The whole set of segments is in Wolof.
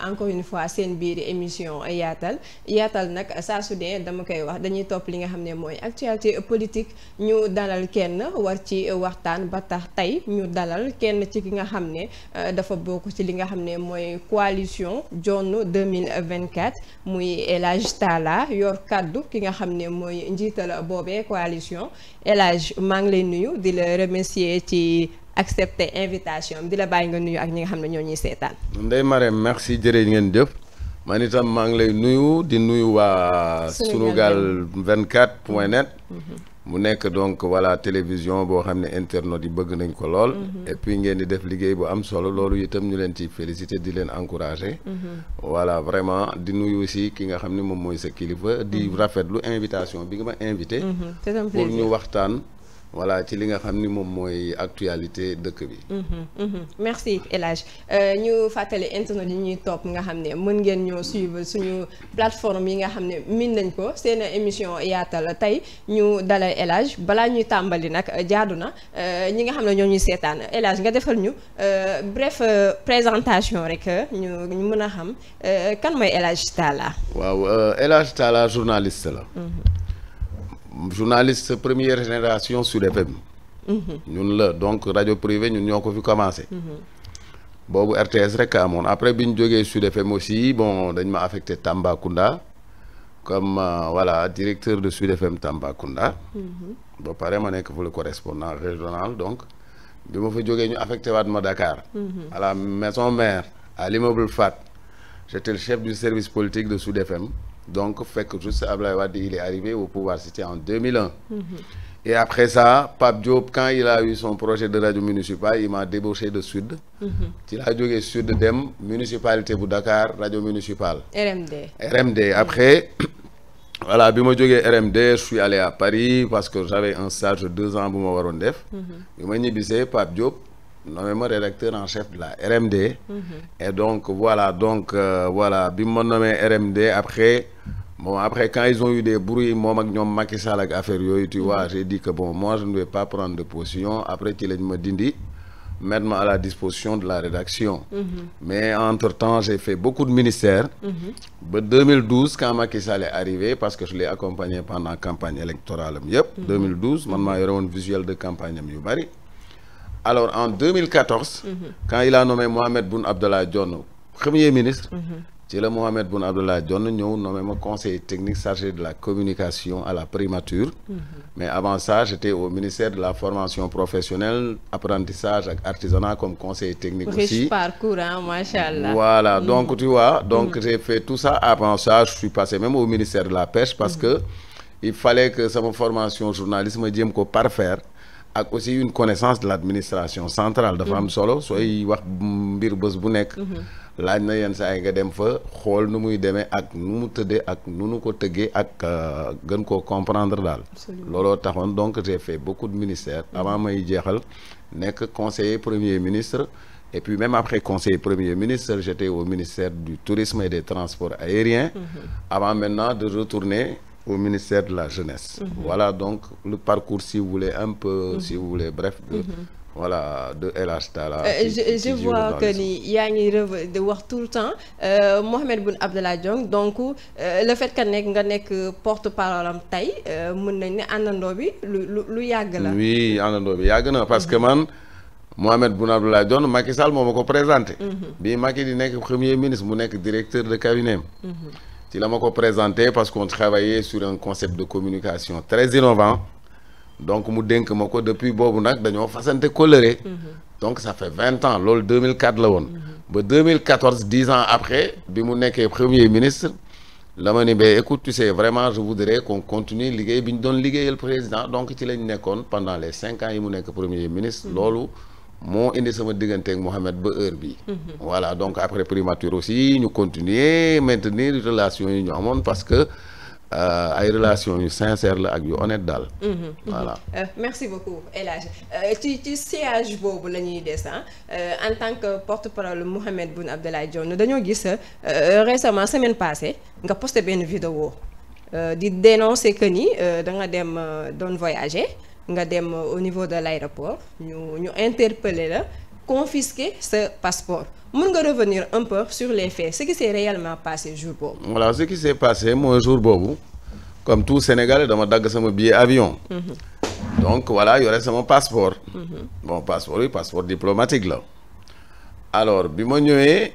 am encore une fois seen biir émission yaatal yaatal nag saa su dee dama koy wax dañuy topp li nga xam ne mooy actualité politique ñu dalal kenn war ci waxtaan ba tax tey ñu dalal kenn ci ki nga xam ne euh, dafa bokk ci li nga xam ne mooy coalition Dionne 2024 muy El Hadj Talla yor kaddu ki nga xam ne mooy njiital boobe coalition El Hadj maa ngi lay nuyu di la remercier ci. accepter invitation di la bàyyi nga nuyu ak ñi nga xam ne ñoo ñuy seetaan. Ndeye Marème merci jëre ngeen jëf man itam maa ngi lay nuyu di nuyu waa. Sunugal 24 point net. Mhm. mu nekk donc voilà télévision boo xam ne internet yi bëgg nañ ko lool. Mhm. et ngeen di def liggéey bu am solo loolu itam ñu leen ci félicité di leen encouragé. Mhm. voilà vraiment di nuyu si ki nga xam ni moom mooy sa kilifa. di rafetlu invitation bi nga ma invité. pour ñu waxtaan. voilà ci li nga xam ni moom mooy actualité dëkk bi. Mhm, mhm. merci élage Hadj euh, ñu fàttali internet yi ñuy topp nga xam ne mën ngeen ñoo suivre suñu plateforme yi nga xam ne miin nañ ko seen émission yaatal tey ñu dalal élage balaa ñuy tàmbali nag euh, jaadu na euh, ñi nga xam ne ñoo ñuy seetaan El nga defal ñu bref présentation rek ñu mën a xam kan mooy élage Hadj Talla. waaw El Hadj Talla la. Mhm. journaliste première génération Sud FM. ñun la donc rajo privé ñun ñoo ko fi commencé. boobu RTS rek amoon après bi ñu jógee Sud FM aussi bon dañ ma affecté Tambacounda comme euh, voilà directeur de Sud FM Tambacounda. ba pare ma nekk fa le correspondant régional donc bi ma fa jógee ñu affecté waat ma Dakar. à la maison mère à l'immeuble Fat j'étais chef du service politique de Sud FM. donc fekk juste a Wade il est arrivé au pouvoir c'était en de Mm -hmm. et après ça Pape Diop quand il a eu son projet de radio municipal il a débauché de Sud. ci mhm. laa jógee Sud dem municipalité bu Dakar radio municipale. RMD RMD après. voilà bi ma jógee RMD je suis allé à Paris parce que j'avais un stage de deux ans bu ma waroon def. Mhm. bi ma ñibbisee Pape Diop. nommé ma rédacteur en chef de la RMD. Mm-hmm. et donc voilà donc euh, voilà bi ma nommé RMD après bon après quand ils ont eu des bruits moom ak ñoom Macky Sall ak affaire yooyu tu vois j'ai dit que bon moi je ne vais pas prendre de position après ci lañ ma dindi. mettre à la disposition de la rédaction. Mm mais entre-temps j'ai fait beaucoup de ministères. Mm-hmm. ba mm -hmm. 2012 quand Macky est arrivé parce que je l'ai accompagné pendant campagne électorale am yëpp. 2012 man maa yore woon visuel de yu bari. alors en 2014. Mm -hmm. quand il a nommé Mohamed Boun Abdallah Dionne premier ministre. Mhm. ci la Mohamed Boun Abdallah Dionne ñëw nommé ma conseiller technique chargé de la communication à la primature. Mhm. mais avant ça j'étais au ministère de la formation professionnelle apprentissage ak artisanat comme conseiller technique. aussi riche parcours voilà mhm. donc tu vois donc j'ai fait tout ça avant ça je suis passé même au ministère de la pêche parce que il fallait que sama formation journalisme ma jéem ko parfaire. ak aussi une connaissance de l'administration centrale dafa am mhm. solo sooy wax mbir bés bu nekk mhm. laaj na yenn saa yi nga dem fa xool nu muy demee ak nu mu tëddee ak nu nu ko tëggee ak euh, gën koo comprendre daal looloo taxoon donc j'ai fait beaucoup de ministères mhm. avant may jeexal nekk conseiller premier ministre et puis même après conseiller premier ministre j'étais au ministère du tourisme et des transports aériens avant maintenant de retourner au ministère de la Jeunesse. Mm Voilà donc le parcours, si vous voulez, un peu, mhm. si vous voulez, bref, de, mhm. voilà de El Hadj Talla. Euh, je je vois que ni yaa ngi di wax tout le temps euh, Mohamed Boun Abdallah Dionne donc la euh, le nekk nga nekk porte-parole am tey euh, mën nañ ne àndandoo bi lu lu yàgg la. oui àndandoo bi yàgg na parce que man Mohamed Boun Abdallah Dionne Macky Sall moo ma ko présenté. Mm -hmm. bi Macky di nekk premier ministre mu nekk directeur de cabinet mm ci la ma ko présenté parce qu'on travaillait sur un concept de communication très innovant donc mu dénk ma ko depuis boobu nag dañoo fasante coloré mm-hmm. donc ça fait vingt ans loolu la woon mm-hmm. ba 2014 dix ans après bi mu nekkee premier ministre la ma ni ba écoute tu sais vraiment je voudrais qu'on continue liggéey bi ñu doon liggéeyal président donc ci lañ nekkoon pendant les cinq ans yi mu nekk premier ministre mm-hmm. loolu moo indi sama diggante ak Mouhamed ba heure bi mhm. voilà donc après primature aussi ñu continuer maintenir relation yu ñu amoon parce que euh, ay relation yu sincère la ak yu honnête daal. Mhm. voilà euh, merci beaucoup El euh, ci ci siège boobu la ñuy des en tant que porte-parole Mouhamed Boun Abdallah Dionne dañoo gis récemment semaine passée nga posté benn vidéo di dénoncer que ni da nga dem doon voyager. nga dem au niveau de l'aéroport ñu ñu interpeller la confisquer ce passeport mën nga revenir un peu sur les faits ce qui s'est réellement passé jour boobu. voilà ce qui s'est passé mooy jour boobu comme tout Sénégalais dama dagg sama billet avion. Mm -hmm. donc voilà yore sama passeport. Mm -hmm. bon passeport oui passeport diplomatique la. alors bi ma ñëwee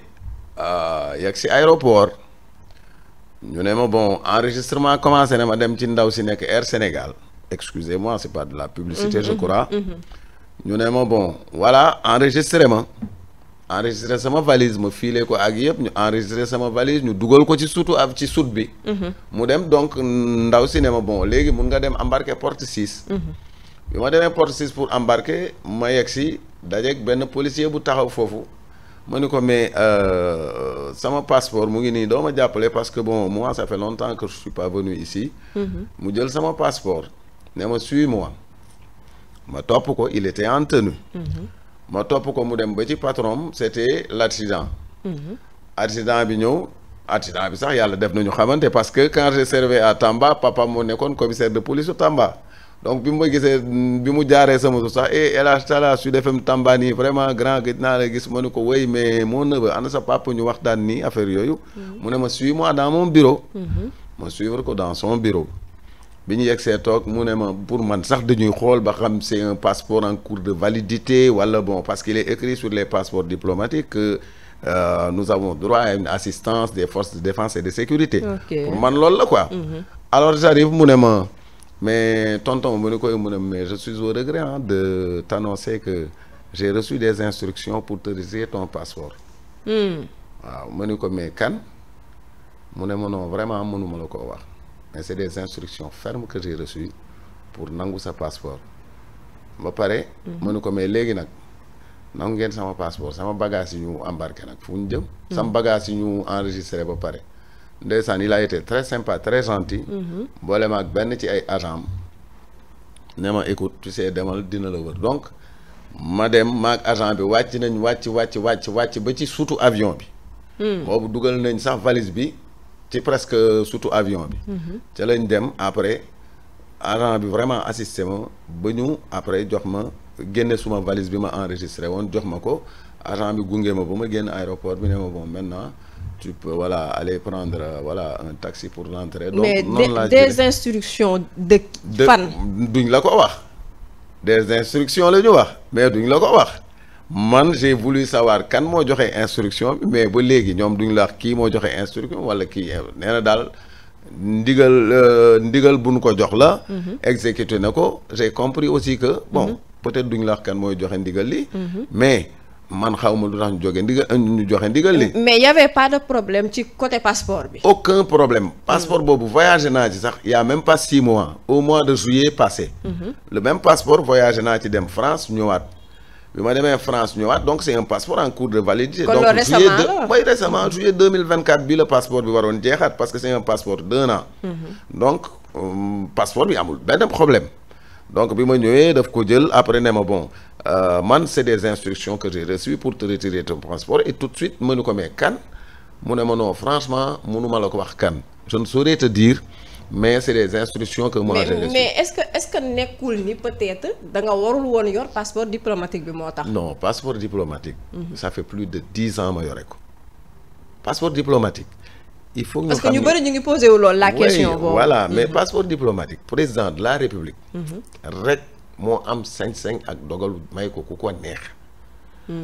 euh, yegg si aéroport ñu ne ma bon enregistrement commencé na ma dem ci ndaw si nekk Air Sénégal. excusez-moi c'est pas de la publicité mm je crois ñu ne ma bon voilà enregistré ma enregistré sama valise ma fiile ko ak yëpp ñu enregistré sama valise ñu dugal ko ci suutu ak ci sut bi mm-hmm. mu dem donc ndaw si ne ma bon léegi mun nga dem embarquer porte six mm-hmm. bi ma demee porte six pour embarquer ma yegg si dajeeg benn policier bu taxaw foofu ma ni ko mais euh, sama passeport mu ngi nii doo ma jàppale parce que bon moi ça fait longtemps que je suis pas venu ici mu jël sama passeport ne ma suis-moi ma topp ko il était en mhm. ma topp ko mu dem ba ci patron c'était l'accident. Mhm. accident bi ñëw accident bi sax yàlla def nañu xamante parce que quand j'ai servi à papa moo nekkoon commissaire de police su Tamba donc bi ma gisee bi mu jaaree sama suuf sax eh El Hadj Talla Sud FM Tamba nii vraiment grand gis naa la gis ma ne ko wéy mais mon neveu ana sa papa ñu waxtaan nii affaire yooyu. Mhm. mu ne ma suis moi dans mon bureau. ma suivre ko dans son bureau. bi ñu yegsee toog mu ne ma pour man sax dañuy xool ba xam c'est un passeport en cours de validité wala bon parce qu'il est écrit sur les passeports diplomatiques que euh, nous avons droit à une assistance des forces de défense et de sécurité. Okay. man loolu la quoi. Mhm. alors j'arrive mu ne ma mais tonton mu ne ko mu ne mais je suis au regret hein, de t'annoncer que j'ai reçu des instructions pour autoriser ton passeport. Hmm. waaw mu ne ko mais kan mu ne ma non vraiment mënuma la ko wax. mais c'est des instructions fermes que j'ai reçues pour nangu sa passeport ba pare mhm. mënu ko mais léegi nag nangu ngeen sama passeport sama bagage yi ñu embarqué nag fu ñu jëm sama mhm. bagage yi ñu enregistré ba pare ndeysaan yi a été très sympa très gentil mhm. boole ma ak benn ci ay agent ne ma écoute tu sais demal dina la wër donc ma dem ma ak agent bi wàcc nañ wàcc wàcc wàcc wàcc ba ci suutu avion bi hmm. boobu dugal nañ sax valise bi ci presque surtout avion bi. Mhm. ca lañ dem après agent bi vraiment assisté ma ba ñu après jox ma génne suma valise bi ma enregistré woon jox ma ko agent bi gunge ma ba ma génn aéroport bi ne ma bon maintenant. tu peux voilà aller prendre voilà un taxi pour rentrer. donc noonu laa des instructions de fan. duñ la ko wax des instructions la ñu wax mais duñ la ko wax. man j'ai voulu savoir kan moo joxe instruction bi mais ba léegi ñoom duñ la kii moo joxe instruction wala kii nee na daal ndigal euh, ndigal bu nu ko jox la. Mhm. exécuté na ko j'ai compris aussi que bon mhm. peut-être duñ la wax kan mooy joxe ndigal li. Mhm. mais man xaw ma lu tax ñu joxe ndigal euh, ñu joxe ndigal li. mais y avait pas de problème ci côté passeport bi. aucun problème passeport boobu voyagé naa ci sax y a même pas six mois au mois de juillet passé. le même passeport naa ci dem France ñëwaat. bi ma demee France ñëwaat donc c' est un passeport en cours de validité. donc juillet de mooy récemment juillet deux mille vingt quatre bi la passeport bi waroon jeexaat parce que c' est un passeport d' un mhm. donc euh, passeport bi amul benn problème. donc bi ma ñëwee daf ko jël après ne ma bon euh, man c' des instructions que j'ai reçues pour te retirer ton passeport et tout de suite mënu ko mais kan mu ne ma non franchement mënu ma la ko wax kan je ne mais c'est des instructions que moi j'ai reçues nekkul ni peut-être warul woon yor passeport diplomatique bi moo tax. non passeport diplomatique. Mhm. ça fait plus de dix ans ma yore ko passeport diplomatique. il faut parce que ñu bëri ñu ngi posé wu loolu la question. boobu voilà mais mhm. passeport président de la république. Mhm. rek moo am sañ-sañ ak dogal may ko ku ko neex.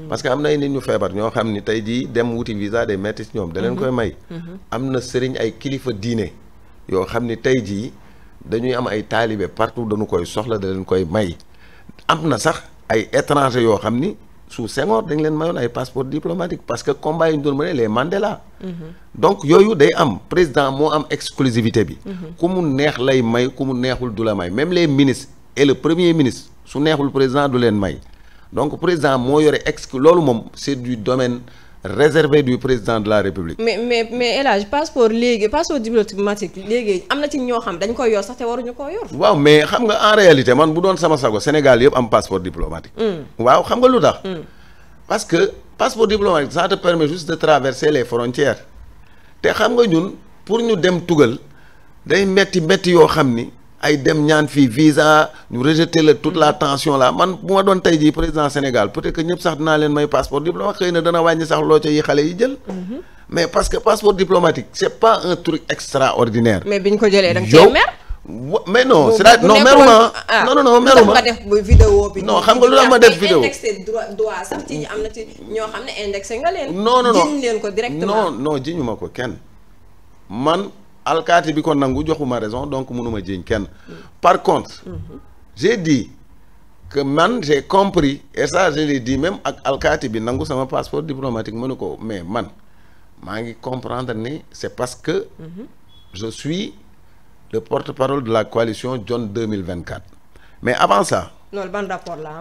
parce que am na ay ñu feebar ñoo xam ni tey di dem wuti visa day metti si ñoom. da leen koy may. am na sëriñ ay kilifa diine. yoo xam ni ji jii dañuy am ay taalibe partout dañu koy soxla da leen koy may na sax ay yoo xam ni su Senghor dañ leen mayoon ay passeport diplomatique parce que combat yi ñu doon mënee les Mandela. Mhm. donc yooyu day am président moo am exclusivité bi. Mhm. ku mu neex lay may ku mu neexul du la may même les ministres et le premier ministre su neexul président du leen may donc président moo yore ex loolu moom c'est du domaine. réservé du président de la république. mais mais élage El Hadj passeport léegi passeport diplomatique léegi am na ci ñoo xam dañ koy yor sax te waruñu koo yor. waaw mais xam nga en réalité man bu doon sama sago Sénégal yëpp am passeport diplomatique. Mm. waaw xam nga lu tax. Mm. parce que passeport diplomatique ça te permet juste de traverser les frontières te xam nga ñun pour ñu dem tugal day metti metti yoo xam ni. ay dem ñaan fii visa ñu rejeté la tout la mm-hmm. tension là man bu ma doon tey jii président Sénégal peut-être que ñëpp sax dinaa leen may passeport diplomatique xëy na dana wàññi sax loo ca yi xale yi jël. Mm-hmm. mais parce que passeport diplomatique c'est pas un truc extraordinaire. mais bi ñu ko jëlee da nga cee mer wa mais non c' est à dire non meruma bi. non xam nga lu tax ma def vidéo indexé droit am na ci ñoo xam ne indexé nga ko directement non non jiñu ma ko kenn man. alkaati bi ko nangu joxuma raison donc mënuma jiiñ kenn par contre j'ai dit que man j'ai compris et ça je l'ai ak alkaati bi nangu sama passeport diplomatique mënu ko mais man maa ngi comprendre ni c'est parce que mhm. je suis le porte-parole de la coalition John 2024 mais avant ça loolu ban rapport la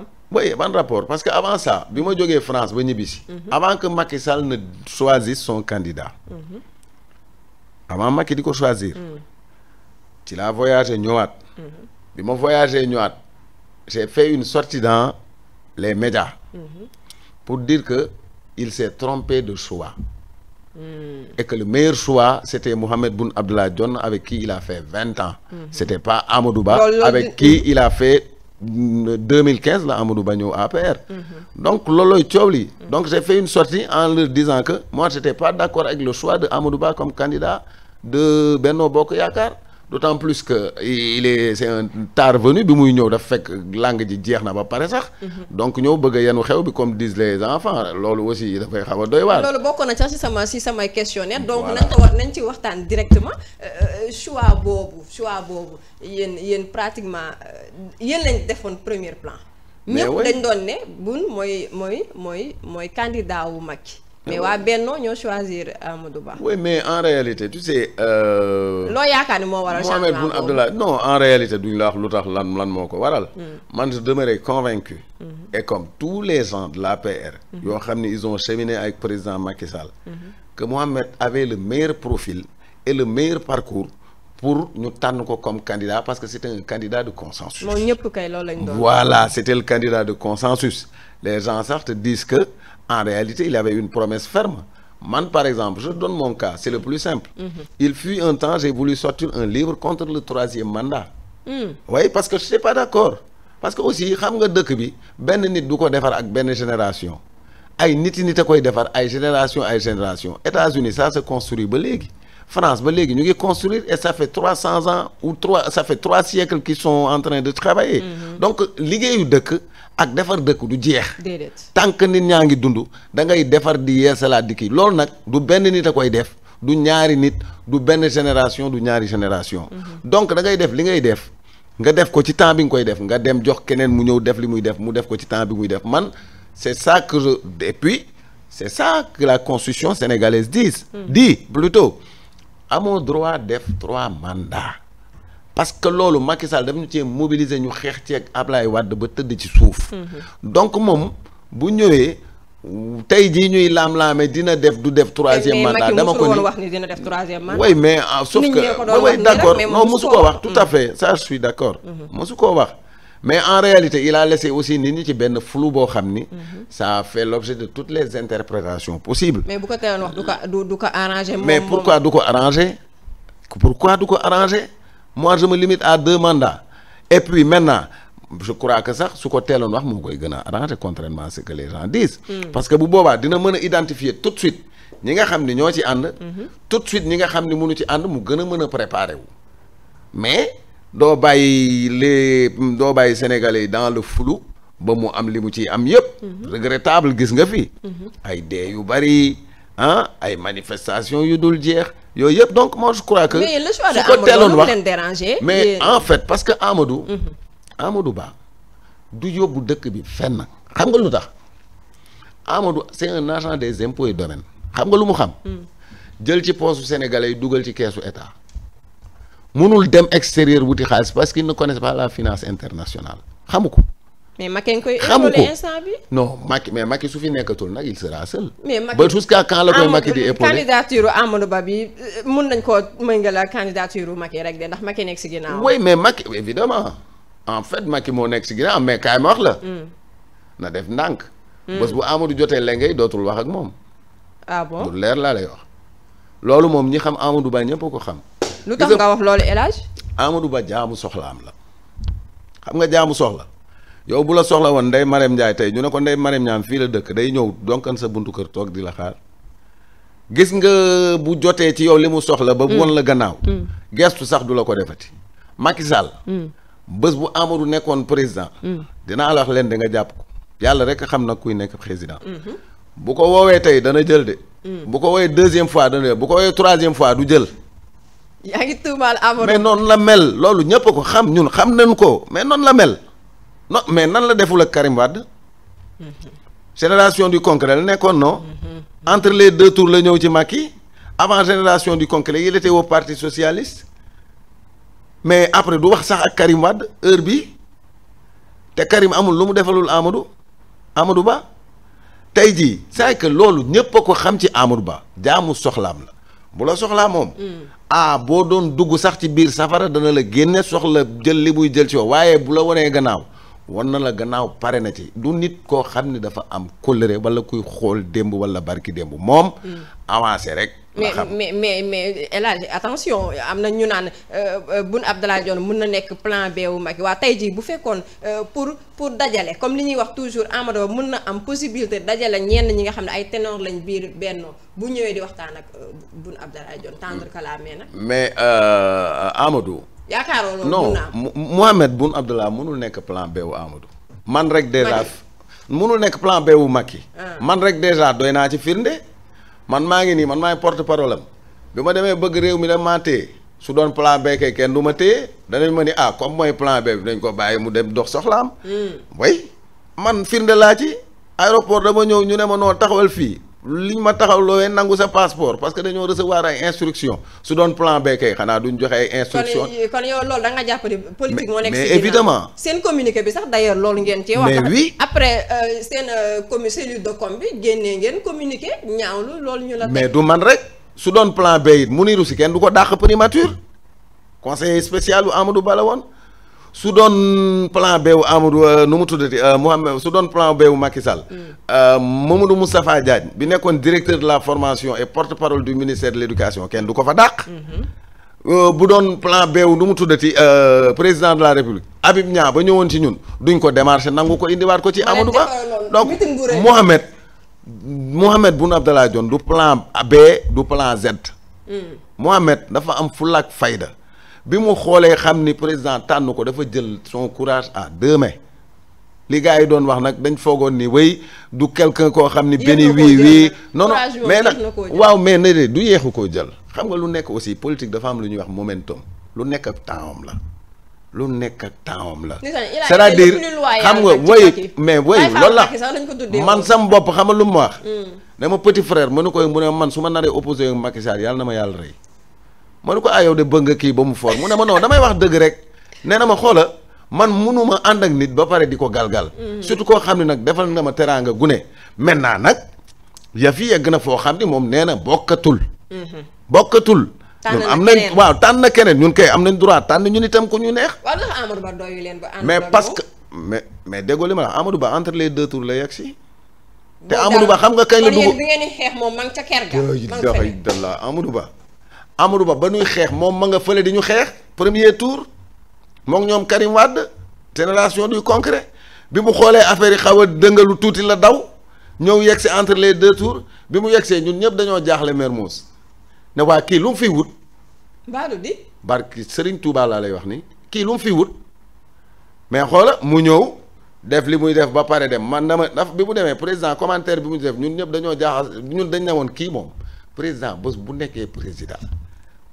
am rapport parce que avant ça bi ma jógee France ba ñibbisi mhm. avant que Macky Sall ne choisisse son candidat mhm. avant Macky di choisir. Mm. ci laa voyagé ñëwaat. Mm-hmm. bi ma voyagé ñëwaat j'ai fait une sortie dans les médias. Mm-hmm. pour dire que il s'est trompé de choix. Mm. et que le meilleur choix c'était Mohamed Boun Abdallah Dionne avec qui il a fait vingt ans. Mm-hmm. c'était pas Amadou avec qui il a fait. Mm, la Amadou Ba ñëw donc loolooy coow li. donc j'ai fait une sortie en leur disant que j'étais pas d'accord avec le choix de Amadou comme candidat de Benno Bokk Yaakaar d'autant plus que il est c'est un tard venu bi muy ñëw dafa fekk lang ji jeex na ba pare sax. Mhm. donc ñëw bëgg a yenu xew bi comme disent les enfants loolu aussi dafay xaw doy waar. loolu bokk na sax ci sama ci samay questionnaire donc nañ ko war nañ ci waxtaan directement euh, euh, choix boobu choix boobu yéen yéen pratiquement euh, yéen lañ defoon premier plan. mais ñëpp dañ doon ne bun mooy mooy mooy mooy candidat wu Macky mais waa Benno ñoo choisir Amadou Ba. oui mais en réalité tu sais. Euh, loo yaakaar ni moo waral changement Mahammed Boun non en réalité duñ la wax lu tax lan lan moo ko waral. Hmm. man je demeurais convaincu. Hmm. et comme tous les gens de l'APR. Hmm. yoo xam ne ils ont cheminé avec président Macky Sall. que Mohamed avait le meilleur profil et le meilleur parcours. pour ñu tànn ko comme candidat parce que c'était un candidat de consensus. moom ñëpp kay loolu lañ doon. voilà c'était le candidat en réalité, il avait une promesse ferme. Man, par exemple, je donne mon cas, c'est le plus simple. Mhm. Il fut un temps, j'ai voulu sortir un livre contre le troisième mandat. Hmm. parce que je n'étais pas d'accord. Parce que aussi, xam nga dëkk bi benn nit du ko defar ak benn génération ay nit nit a koy defar ay génération ay génération États-Unis ça se construit ba léegi France ba léegi ñu ngi construire et ça fait trois cents ans ou trois ça fait siècles qu'ils sont en train de travailler. Mhm. ak defar dëkk du jeex. déedéet nit ñaa ngi dund da ngay defar di yeesalaat di kii lool nag du benn nit a koy def du ñaari nit du benn génération du ñaari génération. Mhm. donc da ngay def li ngay def nga def ko ci temps bi nga koy def nga dem jox keneen mu ñëw def li muy def mu def ko ci temps bi muy def man c'est ça que je et c'est ça que la constitution sénégalaise dit. Mhm. dit plutôt amoo droit def trois mandats. parce que loolu Macky Sall daf ñu cee mobiliser ñu xeex ci ak Ablaye Wade ba tëdd ci suuf. Mhm. donc moom bu ñëwee. tey jii ñuy laam-laame dina def du def troisième mandat dama ko ni wax ni def troisième mandat oui mais ah, sauf ko wax tout à mm. fait ça je suis d'accord mm-hmm. ko wax mais en réalité il a laissé aussi nit ñi ci benn flou boo xam ni mm-hmm. ça fait l'objet de toutes les interprétations possibles mais bu ko teyoon wax du ko du ko arranger mais pourquoi du ko arranger pourquoi du ko arranger mois je me limite à deux mandats et puis maintenant je crois que sax su ko teeloon wax moo koy gën a arrangé contrairement à ce que les gens disent. Hmm. parce bu boobaa dina mën a identifier tout de suite ñi nga xam ni ñoo ci ànd. Hmm. tout de suite ñi nga xam ni mënu ci ànd mu gën a mën a préparé wu. mais doo bàyyi les doo bàyyi sénégalais yi dans le flou ba mu am li mu ci am yëpp. Hmm. regrettable gis nga fi. ay dee yu bari ah ay manifestations yu dul jeex. yooyu yëpp donc moi je crois que. mais le choix de Amadou mais en fait parce que Amadou. Mhm. Amadou Ba du yóbbu dëkk bi fenn. xam nga lu tax Amadou c'est un agent des impôts domaine domaines xam nga lu mu xam. Mhm. jël ci poosu sénégalais yi dugal ci keesu état mënul dem extérieur wuti xaalis parce que ne connaissent pas la finance internationale xamu ko. mais Macky nga koy épaulé instant bi non mais Macky su fi nekkatul nag il sera seul. ba jusqu'à quand la koy Macky di épaulé candidature Amadou Ba bi euh, mun nañ koo méngale ak candidature Macky rek de ndax Macky nekk si ginnaaw. oui mais Macky évidemment en fait Macky moo nekk si am mais kaay ma wax la. Mm. na def ndànk. Mm. bés bu Amadou jotee lengay dootul wax ak moom. ah bon leer la lay wax. loolu moom ñi xam Amadou Ba ñëpp ko xam. lu tax nga wax loolu élage Hadj. Amadou Ba jaamu soxlaam la xam nga jaamu soxla. yow bu la soxla woon Ndeye Marème Ndiaye tey ñu ne ko Ndeye Marème Ndiaye fii la dëkk day ñëw donkan sa buntu kër toog di la xaar gis nga bu jotee ci yow li mu soxla. ba won la gannaaw. Mm. gestu sax du la ko defati. Macky Sall. Mm. bés bu Amadou nekkoon président. Mm. dina la wax leen da nga jàpp ko yàlla rek xam na kuy nekk président. Mm-hmm. bu ko woowee tey dana jël de. bu ko woowee deuxième fois dana jël bu ko woowee troisième fois du jël. yaa ngi tuumaal Amadou mais la me loolu ñëpp xam ñun xam nañ ko mais noonu la mel. non mais nan la deful ak Karim Wade. Mhm. génération du concret la nekkoon no mhm. entre les de tour la ñëw ci Macky avant génération du concret il était partie parti socialiste mais après du wax sax ak Karim Wade heure bi te Karim amul lu mu defalul Amadou Amadou Ba tey jii c'est que loolu ñépp a ko xam ci Amadou Ba jaamu soxlaam la bu la soxlaa moom. ah boo doon dugg sax ci biir safara dana la génne soxla jël li muy jël ci waaye bu la waree gannaaw. wan na la gannaaw pare na ci du nit koo xam ne dafa am kóllëre wala kuy xool démb wala barki démb moom. Mm. avancé rek. mais mais mais mais El attention am na ñu naan euh, euh, Boun Abdallah Dionne mun na nekk plan B wu Macky waa tey jii bu fekkoon euh, pour pour dajale comme li ñuy wax toujours Amadou mun na am possibilité dajale ñenn ñi nga xam ne ay tenoor lañ biir bennoo bu ñëwee di waxtaan ak Boun Abdallah Dionne tendre que mm. la main nag. mais Amadou. yaakaaroo loolu non Mohamed Boun Abdallah mënul nekk plan B wu man rek dèjà mënul nekk plan B mag Macky. Ah. man rek dèjà doy naa ci firnde. man maa ngi nii man maay porte parole bi ma demee bëgg réew mi da maa téye su doon plan B kenn du ma téye danañ ma ni ah comme mooy plan B bi dañ ko bàyyi mu dem dox soxlaam. way hmm. man firnde laa ci. aéroport dama ñëw ñu ne ma noo taxawal fii liñ ma taxaw loowee nangu sa passeport parce que dañoo recevoir ay instructions su doon plan B kay xanaa duñ joxe ay instructions kon yow loolu da nga jàpp ne politique moo nekk mais évidemment seen communiqué bi sax d'ailleurs loolu ngeen cee wax mais oui euh, euh, communiqué ñaawlu loolu ñu la mais du man rek su doon plan B it mu niru si kenn du ko dàq primature conseiller spécial bu Amadou Ba la woon su doon plan B wu Amadou euh, nu mu tuddati euh, Mouhamed su doon plan B wu Macky Sall. Mm. Euh, Mamadou Moustapha Diagne bi nekkoon directeur de la formation et porte-parole du ministère de l'éducation kenn du ko fa dàq. Mm-hmm. bu doon plan B wu nu mu tuddati président de la république Habib Niang ba ñëwoon ci ñun duñ ko démarché nangu ko indiwaat ko ci. Amadou Ba donc Mouhamed Mouhamed Boun Abdallah Dionne du plan B du plan Z. Mm. Mouhamed dafa am fulla ak fayda. bi mu xoolee xam ni président tànn ko dafa jël son courage à deux mains li gars yi doon wax nag dañ foogoon ni wéy du quelqu'un koo xam ni benn wii wii non non mais nag waaw mais ne du yeexu koo jël xam nga lu nekk aussi politique dafa am lu ñuy wax momentum lu nekk ak tempsam la lu nekk ak tempsam la c'est-à-dire xam nga wéy mais wéy loolu la man sam bopp xam nga lu mu wax dama hmm. petit frère mënu koy mu ne man su ma naree opposé ak Macky Sall yàlla na ma yàlla rey ma ne ko ah yow de bëgg nga kii ba mu for mu ne ma non damay wax dëgg rek nee na ma xoola man ma ànd ak nit ba pare di ko galgal mm. surtout koo xam ne nag defal na ma teraanga gune maintenant nag ya fi yegg na foo xam ne moom nee na bokkatul mm-hmm. bokkatul ñun am nañ waaw tànn na keneen ñun kay am nañ droit tànn ñun itam ku ñu neex waaw ndax Amadou leen ba mais parce que mais mais déggoo li ma la Amadou Ba entre les deux la yegg si te Amadou Ba xam nga kañ la dugg bi ngeen di moom ma nga ca kër ga Ba amaru Ba ba nuy xeex moom ma nga fële di ñu xeex premier tour moom ñoom Karim Wade génération du concret bi mu xoolee affaire yi xaw a dëngalu tuuti la daw ñëw yegg si entre les deux tours bi mu yegg see ñun ñëpp dañoo jaaxle Mermoz ne waa kii lu mu fiy wut. Badou di. barki laa lay wax ni kii lu mais xoola mu ñëw def li muy def ba pare dem man dama daf bi mu demee président commentaire bi mu def ñun ñëpp dañoo jaaxal ñun dañ ne woon kii moom président bés bu nekkee président.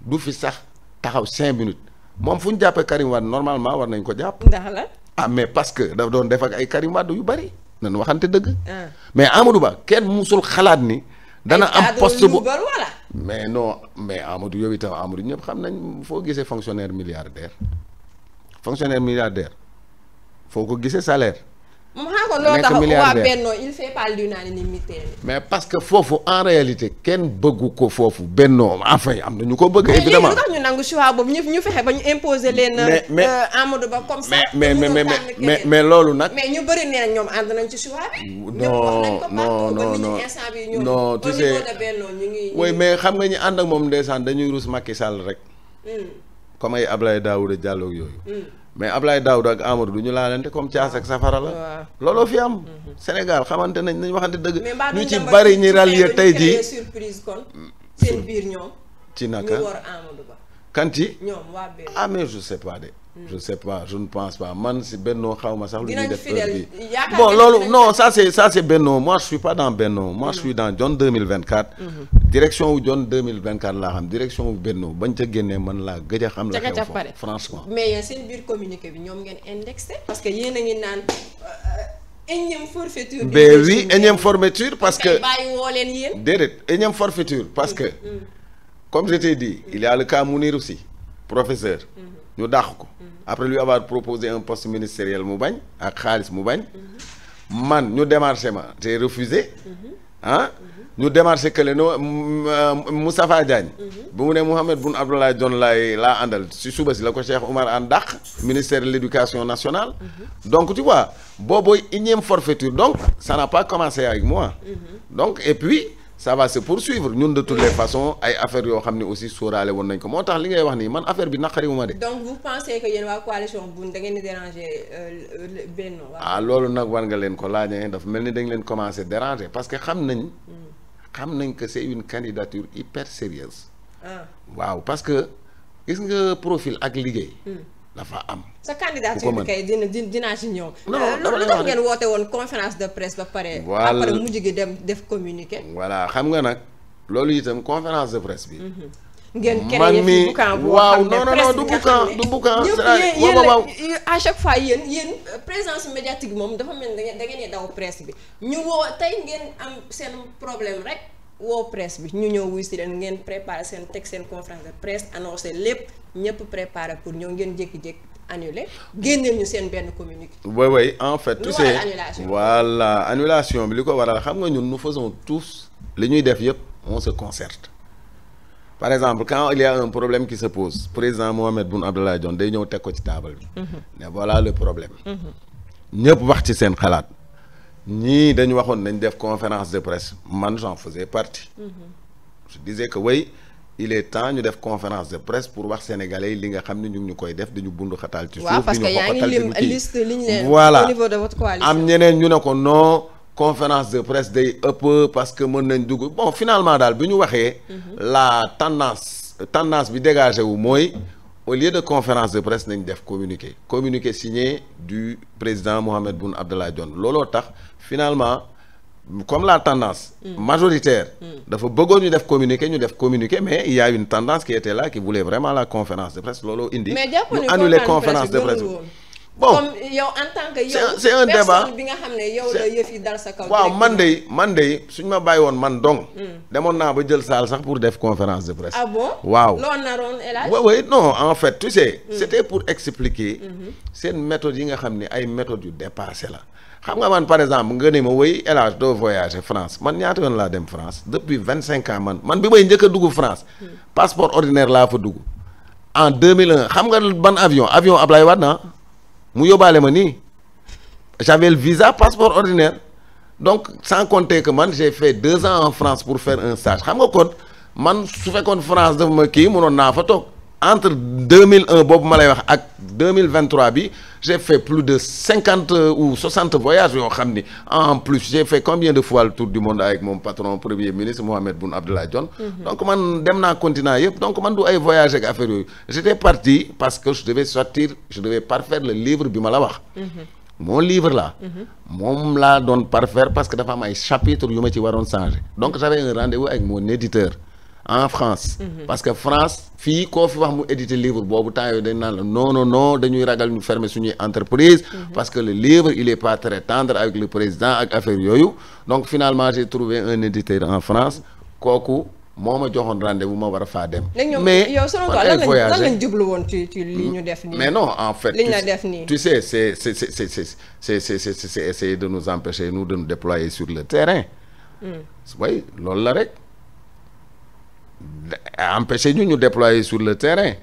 du fi sax taxaw cinq minutes moom fu ñu jàppee Karim Wade normalement war nañ ko jàpp. la ah mais parce que daf doon def ak ay Karim Wade yu bari nañ waxante dëgg. Ah. mais Amadou Ba kenn musul xalaat ni. dana am poste bu mais non mais Amadou yow itam Amadou ñëpp xam nañ foo gisee fonctionnaire milliardaire fonctionnaire milliardaire foo ko gisee salaire. mu xam ko loo tax waa mais parce que foofu en réalité kenn bëggu ko foofu bennoo Benno enfin am na ñu ko bëgg. évidemment mais léegi lu tax ñu nangu ñu fexe ba ñu imposer leen. mais euh, Amadou Ba comme ça. mais mais mais mais loolu nag. mais ñu bëri nee ñoom ànd nañ ci choix bi. non non non non non tu mais xam nga ñi ànd ak moom ndeysaan dañuy rus Macky sàll rek. Hmm. comme ay Ablaye Daouda Diallo yooyu. Hmm. mais Ablaye Daouda ak Amadou du ñu laalante comme Thiès ak safara la. looloo fi am. Mhm. Sénégal xamante nañ nañ waxante dëgg. ñu ci bari ñi rallier tey jii surprise biir ñoom. ci naka ñu war Amadou Ba. kan ah, de. Mm. je sais pas je ne pense pas man si Benno xaw sax. lu ñuy def heure bi bon loolu non ça c'est ça c'est Benno moi je suis pas dans Benno moi je mm. suis dans John 2024. Mm-hmm. direction wu John 2024 laa xam direction wu Benno bañ ca génnee man laa gëj a xam. la xew foofu franchement. mais seen biir communiqué bi ñoom ngeen indexé. parce que yéen a ngi naan. Euh, euh, énième forfaiture. ben oui énième forfaiture parce que. bàyyi woo parce mm. que. comme je t'ai dit il y a le ñu dàq ko après lui avoir proposé un poste ministériel mu bañ ak xaalis mu bañ man ñu démarché ma te refusé ah ñu démarché kële no Moustapha Diagne bu mu ne Mouhamed Boun Abdallah Dionne laay laa àndal si suba si la ko Cheikh Oumar Anne dàq ministère de l' éducation nationale donc tu vois boobooy énième forfaiture donc ça n'a pas commencé ay moi donc et puis ça va se poursuivre ñun de toutes les ay affaire yoo xam ne aussi sóoraale woon nañ ko moo tax li ngay wax nii man affaire bi naqariwu ma de. Euh, ah loolu nag war nga leen ko laajee dafa mel ni dañ leen commencé déranger parce que xam nañ. xam nañ que c'est une candidature hyper sérieuse. Ah. waaw parce que gis nga profil ak liggéey. Hmm. dafa am. sa candidature bi kay dina dinaa ci ñëw. Euh, lu tax ngeen woote woon conférence de presse ba pare. après mujj gi dem def communiqué. voilà xam nga nag loolu itam conférence de presse bi. Mhm. ngeen keneen fi boucan boo xam ne presse bi nga xam ne à chaque fois yéen yéen euh, présence médiatique moom dafa mel ni da ngeen daw presse bi ñu woo tey ngeen am seen problème rek. woo presse bi ñu ñëw wuy si leen ngeen préparé seen teg seen conférence de presse annoncé lépp ñëpp préparé pour ñëw ngeen jékki-jékki annulé génneel ñu seen benn communiqué. oui oui en fait. tu sais voilà annulation bi li ko waral xam nga ñun nu faisons tous li ñuy def yëpp on se concerte. par exemple quand il y a problème qui sa pose président Mohamed Boun Abdallah Dionne day ñëw teg ko ci table bi. Mhm. mais voilà le problème. Mhm. ñëpp wax ci seen xalaat. ñii dañu waxoon nañ def conférence de presse man j'en faisais partie. Mhm. je disais que way il est temps ñu def conférence de presse pour wax sénégalais yi li nga xam ne ñu ñu koy def dañu bundu xataal ci suuf. waaw ñu leen voilà au niveau de am ñeneen ñu ne ko non conférence de presse day ëpp parce que mën nañ dugg bon finalement daal bi ñu waxee. Mhm. la tendance tendance bi dégagé wu mooy. au lieu de conférence de presse nañ def communiqué communiqué signé du président Mohamed Boun Abdallah Dionne looloo tax finalement comme la tendance mm. majoritaire mm. dafa bëggoon ñu def communiqué ñu def communiqué mais il y a une tendance qui était là qui voulait vraiment la conférence de presse looloo indi ñu annulé conférence de presse bon yow en tant yow. c'est un débat bi nga xam ne yow la yëf yi dal sa kaw. waaw man de man de suñ ma bàyyi woon man dong. Hmm. demoon naa ba jël saal sax pour def conférence de presse. ah bon waaw loo waaw waaw non en fait tu sais. Hmm. c'était pour expliquer. Hmm. seen méthodes yi nga xam ni ay méthodes yu dépassé la. xam nga man par exemple nga ne ma wéy hélas doo voyager France man ñaata yoon laa dem France depuis vingt cinq ans man man bi may njëkk a dugg France. passeport ordinaire laa fa dugg. en deux mille xam nga ban avion avion Ablaye Wade na ah? mu yóbbaale ma nii j'avais le visa passeport ordinaire donc sans compter que man j'ai fait deux ans en France pour faire un stage xam nga kon man su fekkoon France dafa ma kii mënoon naa fa toog entre 2001 boobu ma lay wax ak 2023 bi j'ai fait plus de cinquante euh, ou soixante voyages yoo xam ni en plus j'ai fait combien de fois le tour du monde avec mon patron premier ministre Mohamed Boun Abdallah Dionne mm-hmm. donc man dem naa continent yëpp donc man du ay voyage ak affaire yooyu j'étais parti parce que je devais sortir je devais parfaire le livre bi ma la wax mm-hmm. mon livre là mm-hmm. moom laa doon parfaire parce que dafa am ay chapitres en France. Mhm. parce que France fii koo fi wax mu éditer livre boobu temps yooyu dañ naan la non non dañuy ragal ñu fermer suñuy entreprise. Mhm. parce que le livre il est pas très tendre avec le président ak affaire yooyu donc finalement j'ai trouvé un éditeur en France kooku. moo ma joxoon rendez-vous ma war a faa dem. mais yow selon woon ci ci li ñu mm. def mais non en fait li ñu la def nii. tu sais c'est c'est c'est c'est c'est c'est essayer de nous empêcher nous de nous déployer sur le terrain. way mm. loolu la rek. empêcher ñu ñu déployer sur le terrain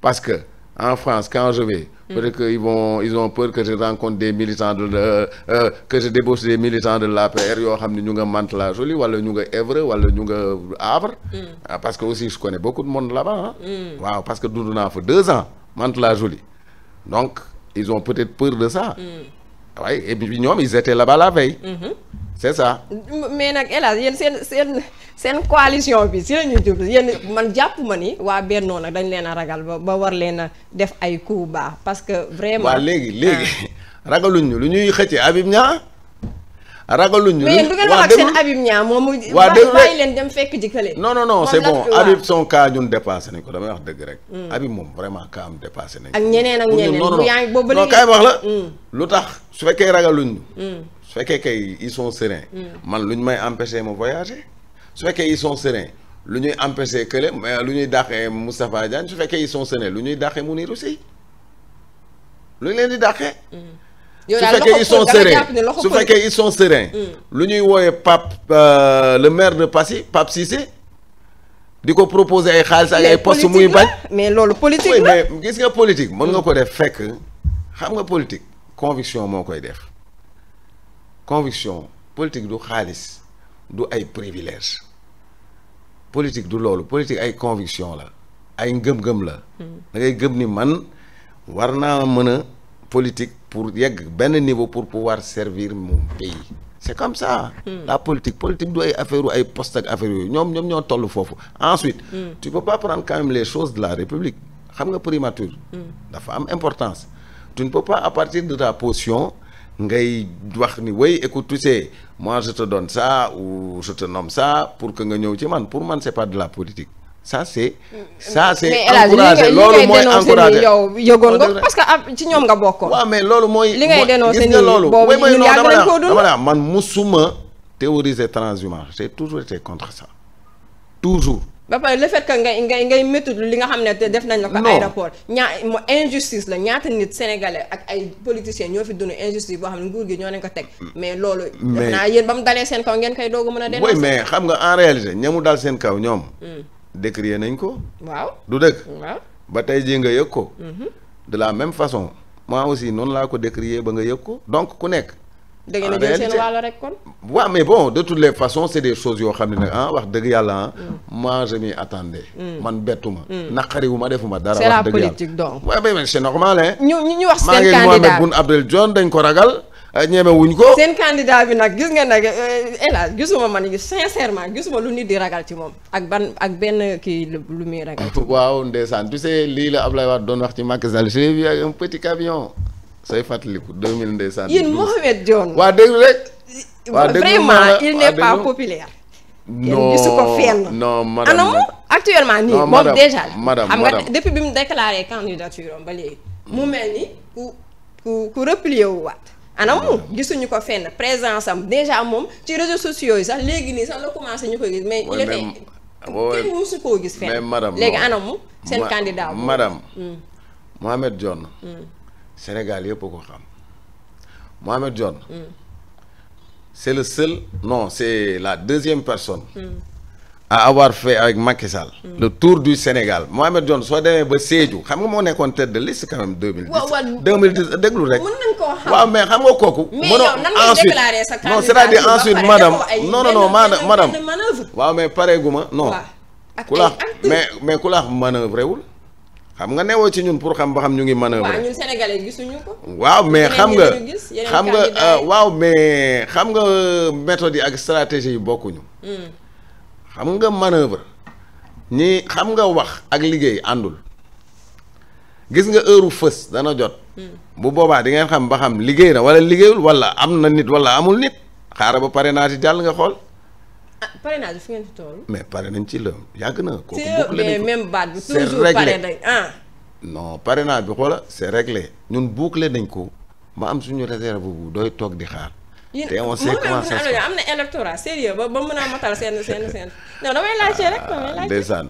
parce que en France quand je vais. Mm. peut-être qu'ils vont ils ont peur que je rencontre des militants de euh, euh, que je débauche des militants de l'APR yoo xam ne ñu nga Mantes-la-Jolie wala ñu nga Évreux wala ñu nga Havre. Mm. Ah, parce aussi je connais beaucoup de monde là-bas mm. waaw parce que dund naa fa deux ans Mantes-la-Jolie donc ils ont peut-être peur de ça. Mm. waaye et puis ñoom ils étaient là-bas mhm. c'est ça. mais nag hélas yéen seen seen seen coalition bi si la ñuy jublu man jàpp ma ni waa Bennoo nag dañ leen a ragal ba ba war leen a def ay coup baax parce que. vraiment waaw léegi léegi ah. ragaluñ lu ñuy xëcc Habib Niang ragaluñu. mais du ngeen wax ak seen Habib Niang moom mu. waa déglu bàyyi leen dem fekk jëkkale. non non non c'est bon Habib son cas ñun dépassé nañ ko damay wax dëgg rek. Hmm. Habib moom vraiment cas am dépassé nañ ak ñeneen ak ñeneen bu yaa ngi boobu léegi non non non wax la. Hmm. lu tax su fekkee ragaluñ hmm. su fekkee kay ils sont sereins. man lu ñu may empêcher ma voyager. su fekkee ils sont sereins. lu ñuy empêcher kële lu ñuy dàqee Moustapha Diagne su fekkee ils sont sereins lu ñuy dàqee Mounir aussi lu ñu leen di dàqee. su fekkee ils sont sereins su fekkee ils sont sereins lu ñuy wooyee Pape euh, le maire de Passy Pape Cissé di ko proposer ay xaalis ay ay poste muy bañ mais loolu politique la mais gis nga politique mën nga mm. ko def fekk xam nga politique conviction moo koy def conviction politique du xaalis du ay privilège politique du loolu politique ay conviction la ay ngëm-ngëm la mm. da ngay ni man war naa mën politique pour yegg benn niveau pour pouvoir servir mon pays c'est comme ça hmm. la politique politique du ay affaire ay poste ak affaire yooyu ñoom ñoom ñoo toll foofu ensuite hmm. tu peux pas prendre quand même les choses de la république xam nga primature hmm. dafa am importance tu ne peux pas à partir de ta position ngay wax ni oui écoute tu sais moi je te donne ça ou je te nomme pour que nga ñëw ci man pour man c'est pas de la politique ça c'est mm. ça c'est encouragé loolu mooy encouragé yow yëgoon nga parce que ci ñoom nga bokkoon waaw mais loolu mooy li ngay dénoncé nii loolu boobu ñun yàgg nañ koo dund dama man musuma théoriser transhumance j'ai toujours été ngay ngay ngay li nga xam ne def nañ la ko aéroport ñaa injustice la ñaata nit sénégalais ak ay politiciens ñoo fi dund injustice boo xam ne nguur gi ñoo leen ko teg mais loolu def naa yéen ba mu dalee seen kaw ngeen koy doogu mën a dénoncé mais xam nga en réalité ñamu dal seen kaw ñoom mm. décrier nañ ko. waaw du dëkk. waaw ba tey jii nga yëg ko. Mhm. de la même façon moi aussi noonu laa ko décrier ba nga yëg ko donc ku nekk. da ngeen a jël seen wàll rek kon. waaw mais bon de toutes les façons c' est des choses yoo xam ne nag ah wax dëgg yàlla ah. Mm. moi je m'y attendais. Mm. man bettuma. Mm. naqariwu ma defuma dara. wax dëgg yàlla c' est la politique donc. waaw mais Abdel Dionne dañ ko ragal. Eh, ñeme wuñ ko. seen candidat bi nag gis nga nag eh, El gisuma man sincèrement gisuma lu nit di ragal ci moom ak ban ak benn kii lu muy ragal. waaw ndeysaan tu lii la lay Wade doon wax ci Macky Sall j'ai vu ak un petit camion. sooy fàttaliku 2000 ndeysaan. yéen Mohamed Dionne. waa dégg rek. waa dégg il n'est pas populaire. non gisu ko fenn. non xam nga depuis bi mu déclaré candidature am ba léegi. mu mel ni ku ku ku replié wu anam gisuñu ko fenn présence am déjà moom ci réseaux sociaux yi sax léegi nii sax la commencé ñu koy gis mais il koo gis fenn mais madame léegi anam seen candidat madame hmm. Mohamed Dionne hmm. Sénégal yëpp ko xam Mohamed Dionne hmm. c'est le seul non c'est la deuxième personne à avoir fait avec Macky Sall. Mm. le tour du Sénégal Mohamed Dionne soo demee ba Sédhiou xam nga moo nekkoon tête de liste quand même. deux mille dix deux mille dix déglu rek. mën nañu koo xam waaw mais xam nga kooku. mënoo ensuite non c'est-à-dire ensuite madame non non non maanaam madame. waaw mais pareegu ma non. ku la mais mais ku la manœuvre wul. xam nga newoo ci ñun pour xam ba xam ñu ngi manœuvre. waaw ñun sénégalais gisuñu ko. waaw mais xam nga xam nga waaw mais xam nga méthode yi ak stratégie yi bokkuñu. Hmm. xam nga manœuvre ñi xam nga wax ak liggéey àndul gis nga heure fës dana jot. Hmm. bu boobaa di ngeen xam ba xam liggéey na wala liggéeyul wala am na nit wala amul nit xaaral ba pare naa yi jàll nga xool. ah parrainage bi fi ngeen ci toll. mais pare nañ la yàgg na. kooku bokk la même baat bi toujours pare nañ ah. non parrainage bi xoola c'est réglé ñun boucler nañ ko ma am suñu réserve bu doy toog di xaar. te on sait comment ça se am na électorat sérieux ba ba mën a matal seen seen seen non damay laajte rek ah, damay laajte ndeysaan